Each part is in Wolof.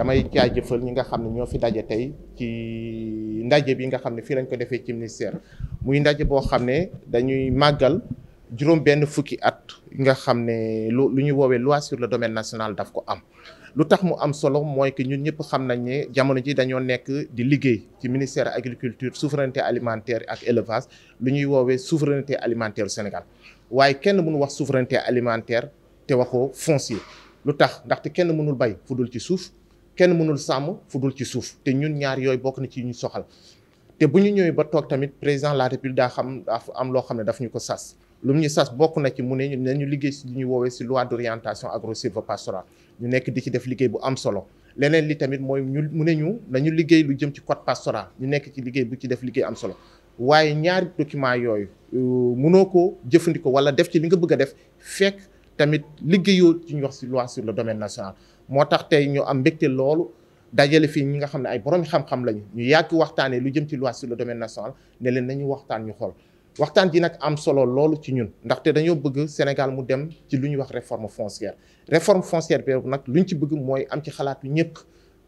damay jaajëfal ñi nga xamni ne ñoo fi dajje tay ci ndajje bi nga xamni fi lañ ko defé ci ministère muy ndajje bo xamné dañuy magal juroom benn fukki at nga xamné lu ñu woowee loi sur le domaine national daf ko am lu mu am solo moy ki ñun ñëpp xam nañ ni jamono ji dañoo nekk di liggéey ci ministère agriculture souveraineté alimentaire ak élevage lu ñuy woowee souveraineté alimentaire du Sénégal waye kenn mënu wax souveraineté alimentaire te waxo foncier lu tax té kenn mënul bay fudul ci suuf kenn mënul sàmm fu dul ci suuf te ñun ñaar yooyu bokk na ci ñu soxal te bu ñu ñëwee ba toog tamit président la république daa xam daa am loo xam ne daf ñu ko sas lu mu ñu sas bokk na ci mu ne nañu liggéey si li ñu woowee si loi d' orientation agro sylvo ñu nekk di ci def liggéey bu am solo leneen li tamit mooy ñu mu ne ñu nañu liggéey lu jëm ci code pastoral ñu nekk ci liggéey bu ci def liggéey am solo waaye ñaari document yooyu euh, mënoo ko jëfandikoo wala def ci li nga bëgg a def fekk tamit liggéeyoo ci ñu wax si loi sur le domaine national moo tax tey ñu am mbégte loolu dajale fii ñi nga xam ne ay borom xam-xam lañu ñu yàgg waxtaanee lu jëm ci loi sur le domaine national ne leen nañu waxtaan ñu xool waxtaan ji nag am solo loolu ci ñun ndaxte dañoo bëgg Sénégal mu dem ci lu ñuy wax réforme foncière réforme foncière nag lu ñu ci bëgg mooy am ci xalaatu ñëpp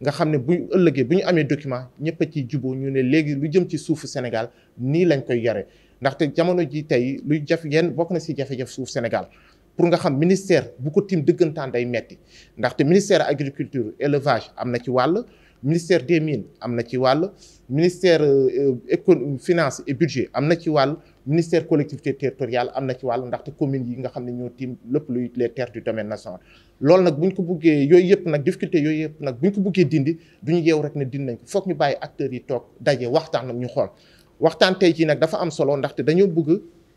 nga xam ne bu ëllëgee bu ñu amee document ñëpp ciy juboo ñu léegi lu jëm ci suufu Sénégal nii lañ koy yare ndaxte jamono ji tey luy jaf yenn bokk na si jafe-jafe suuf Sénégal pour nga xam ministère bu ko tiim dëggantaan day metti ndaxte ministère agriculture élevage am na ci wàll ministère des mines am na ci wàll ministère euh, économie finance et am na ci wàll ministère collectivité territoriale am na ci wàll ndaxte commune yi nga xam ne ñoo tiim lépp luy les terres du domaine national lool nag bu ñu ko buggee yooyu yëpp nag difficulté yooyu yëpp nag bu ñu ko buggee dindi du ñu yeew rek ne dindi nañ ko foog ñu bàyyi acteur yi toog daje waxtaan nag ñu xool waxtaan tey jii nag dafa am solo ndaxte dañoo bëgg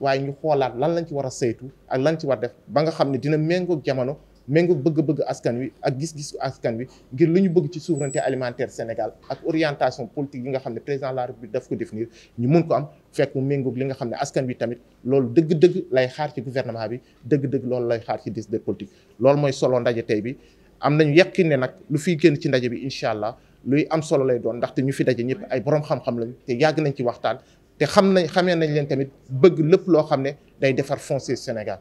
waaye ñu xoolaat lan lañ ci war a saytu ak lan ci war def ba nga xam ne dina méngoog jamono méngoog bëgg-bëgg askan wi ak gis-gisu askan wi ngir lu ñu bëgg ci souveraineté alimentaire Sénégal ak orientation politique yi nga xam ne président de la République daf ko définir ñu mun ko am fekk mu méngoog li nga xam ne askan wi tamit loolu dëgg-dëgg lay xaar ci gouvernement bi dëgg-dëgg loolu lay xaar ci décideur politique loolu mooy solo ndaje tey bi am nañu yàqin ne nag lu fiy génn ci ndaje bi incha allah luy am solo lay doon ndaxte ñu fi daje ñëpp ay borom xam-xam lañ te yàgg nañ ci waxtaan te xam nañ xamee nañ leen tamit bëgg lépp loo xam ne day defar foncier Sénégal